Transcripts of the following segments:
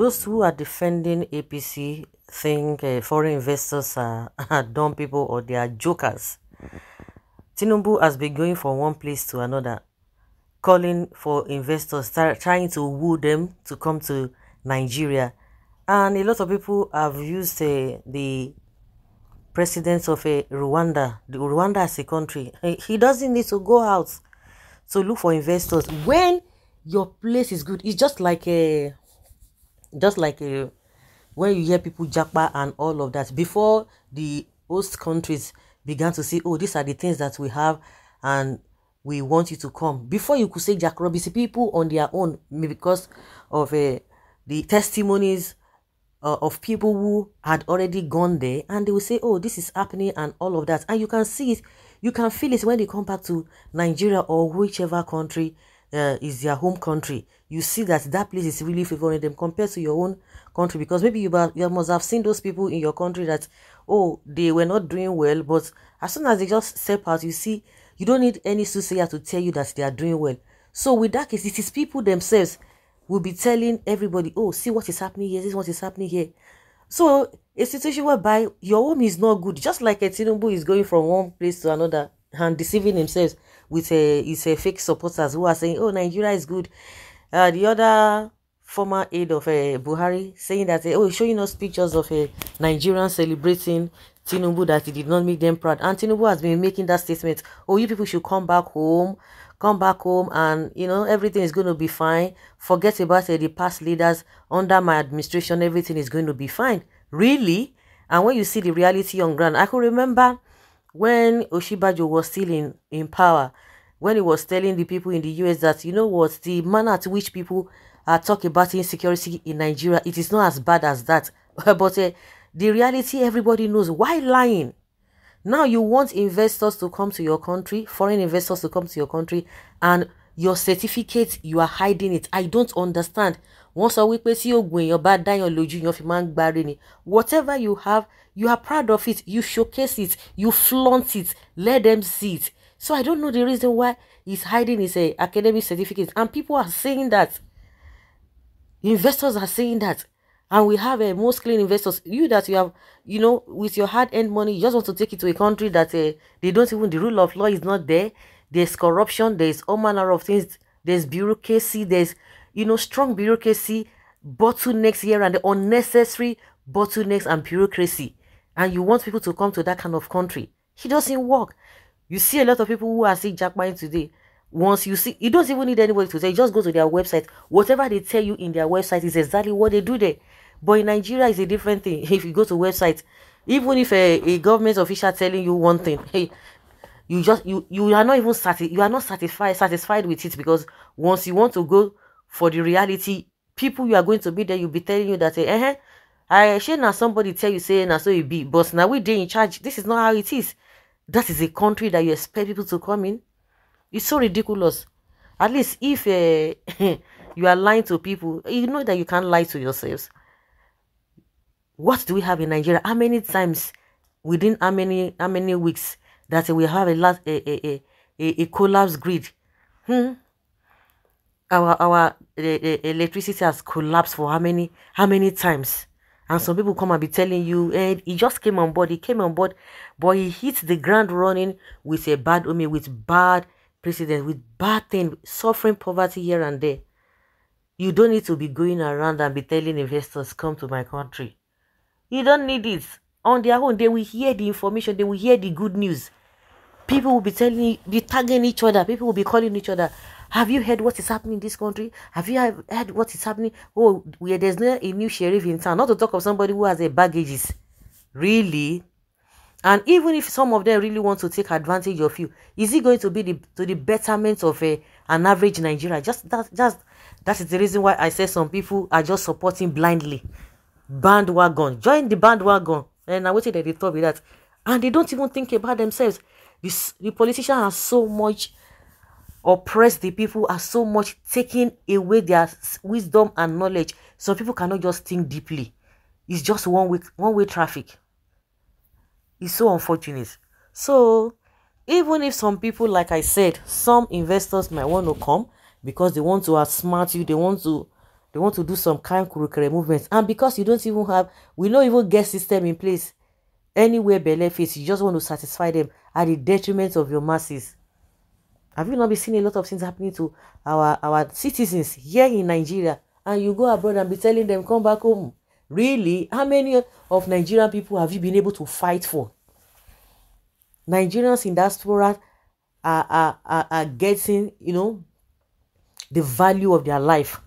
those who are defending APC think uh, foreign investors are, are dumb people or they are jokers. Tinubu has been going from one place to another, calling for investors, trying to woo them to come to Nigeria. And a lot of people have used uh, the president of uh, Rwanda, the Rwanda as a country. He doesn't need to go out to look for investors when your place is good. It's just like a just like uh, when you hear people japa and all of that before the host countries began to say oh these are the things that we have and we want you to come before you could say jack robinson people on their own because of uh, the testimonies uh, of people who had already gone there and they will say oh this is happening and all of that and you can see it you can feel it when they come back to nigeria or whichever country uh, is their home country, you see that that place is really favoring them compared to your own country because maybe you, you must have seen those people in your country that, oh, they were not doing well, but as soon as they just step out, you see, you don't need any soothsayer to tell you that they are doing well. So with that case, it is people themselves will be telling everybody, oh, see what is happening here, this is what is happening here. So a situation whereby your home is not good, just like a Tinubu is going from one place to another and deceiving himself with a it's a fake supporters who are saying, "Oh, Nigeria is good." Uh, the other former aide of uh, Buhari saying that, uh, "Oh, showing us pictures of a uh, Nigerian celebrating Tinubu that he did not make them proud." And Tinubu has been making that statement, "Oh, you people should come back home." come back home and you know everything is going to be fine forget about uh, the past leaders under my administration everything is going to be fine really and when you see the reality on ground i could remember when Oshibajo was still in, in power, when he was telling the people in the US that, you know what, the manner at which people are talking about insecurity in Nigeria, it is not as bad as that. but uh, the reality, everybody knows. Why lying? Now you want investors to come to your country, foreign investors to come to your country and your certificate you are hiding it i don't understand Once a week, tí oògùn èèyàn your bad lójú yan fi máa ń gbáre ni whatever you have you are proud of it you showcase it you flaunt it let them see it so i don't know the reason why he's hiding his uh, academic certificate and people are saying that investors are saying that and we have uh, most clean investors you that you have you know with your hard-earned money you just want to take it to a country that uh, they don't even the rule of law is not there there's corruption, there's all manner of things, there's bureaucracy, there's, you know, strong bureaucracy, bottlenecks here and the unnecessary bottlenecks and bureaucracy. And you want people to come to that kind of country. It doesn't work. You see a lot of people who are seeing jackpine today. Once you see, you don't even need anybody to say, just go to their website. Whatever they tell you in their website is exactly what they do there. But in Nigeria, it's a different thing. If you go to websites, even if a, a government official telling you one thing, hey, you just you you are not even sati you are not satisfied satisfied with it because once you want to go for the reality people you are going to be there you'll be telling you that eh, uh eh, -huh, i shouldn't somebody tell you saying now so you be but now we they in charge this is not how it is that is a country that you expect people to come in it's so ridiculous at least if uh, you are lying to people you know that you can't lie to yourselves what do we have in nigeria how many times within how many how many weeks that we have a lot a a a, a collapse grid. Hmm. Our our electricity has collapsed for how many how many times? And some people come and be telling you, and eh, hey, he just came on board. He came on board, but he hit the ground running with a bad I with bad precedent, with bad thing, suffering poverty here and there. You don't need to be going around and be telling investors, come to my country. You don't need it. On their own, they will hear the information, they will hear the good news. People will be telling, be tagging each other. People will be calling each other. Have you heard what is happening in this country? Have you heard what is happening? Oh, where there's no a new sheriff in town. Not to talk of somebody who has a baggages. Really? And even if some of them really want to take advantage of you, is it going to be the, to the betterment of a, eh, an average Nigeria? Just that, just that is the reason why I say some people are just supporting blindly. Bandwagon. Join the bandwagon. And eh, I waited at the top with that. And they don't even think about themselves. The, the politician has so much oppressed the people, has so much taking away their wisdom and knowledge. So people cannot just think deeply. It's just one way, one way traffic. It's so unfortunate. So even if some people, like I said, some investors might want to come because they want to outsmart you, they want to they want to do some kind of curriculum movements. And because you don't even have, we don't even get system in place anywhere benefits, you just want to satisfy them at the detriment of your masses. Have you not been seeing a lot of things happening to our, our citizens here in Nigeria? And you go abroad and be telling them, come back home. Really? How many of Nigerian people have you been able to fight for? Nigerians in diaspora are, are, are, are getting, you know, the value of their life.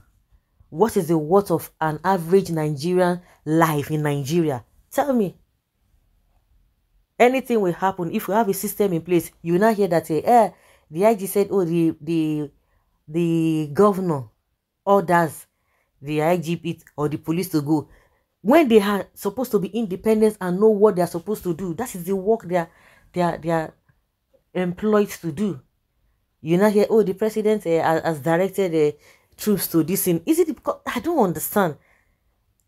What is the worth of an average Nigerian life in Nigeria? Tell me anything will happen if you have a system in place you now hear that eh, eh, the ig said oh the the the governor orders the igp or the police to go when they are supposed to be independent and know what they are supposed to do that is the work they are they are they are employed to do you now hear oh the president uh, has directed uh, troops to this thing is it because i don't understand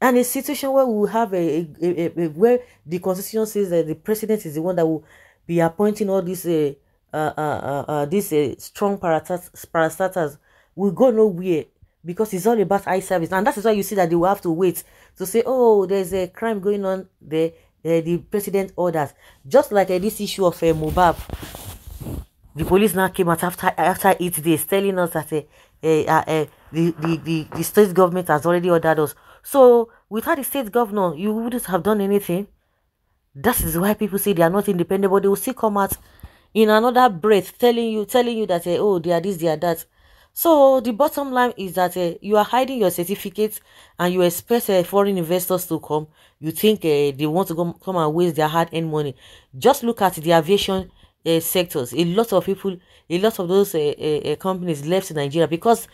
and a situation where we have a, a, a, a where the constitution says that the president is the one that will be appointing all these uh, uh, uh, uh, uh these uh, strong parastatals will go nowhere because it's all about eye service and that is why you see that they will have to wait to say oh there's a crime going on there uh, the president orders just like uh, this issue of uh, mobab, the police now came out after after eight days telling us that uh, uh, uh, the, the, the, the state government has already ordered us so Without the state governor, you wouldn't have done anything. That is why people say they are not independent, but they will still come out in another breath telling you, telling you that, eh, oh, they are this, they are that. So the bottom line is that uh, you are hiding your certificates and you expect uh, foreign investors to come. You think uh, they want to come, come and waste their hard-earned money. Just look at the aviation sectors. A lot of people, a lot of those companies left Nigeria because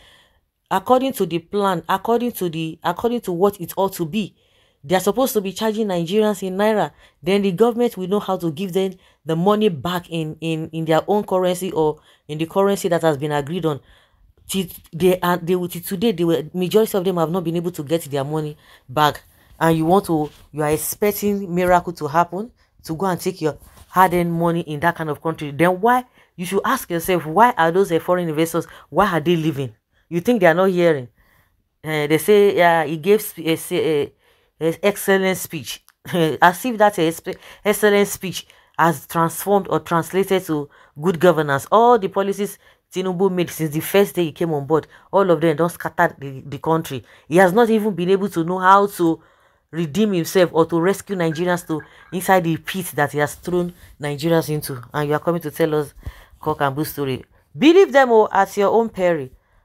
according to the plan, according to the according to what it ought to be. They are supposed to be charging Nigerians in naira. Then the government will know how to give them the money back in in in their own currency or in the currency that has been agreed on. They are they today the majority of them have not been able to get their money back, and you want to you are expecting miracle to happen to go and take your hard-earned money in that kind of country. Then why you should ask yourself why are those foreign investors why are they leaving? You think they are not hearing? Uh, they say, yeah, he gave a, a, a excellent speech. As if that excellent speech has transformed or translated to good governance. All the policies Tinubu made since the first day he came on board, all of them don't scatter the, the country. He has not even been able to know how to redeem himself or to rescue Nigerians to inside the pit that he has thrown Nigerians into. And you are coming to tell us cock and bull story. Believe them or oh, at your own peril.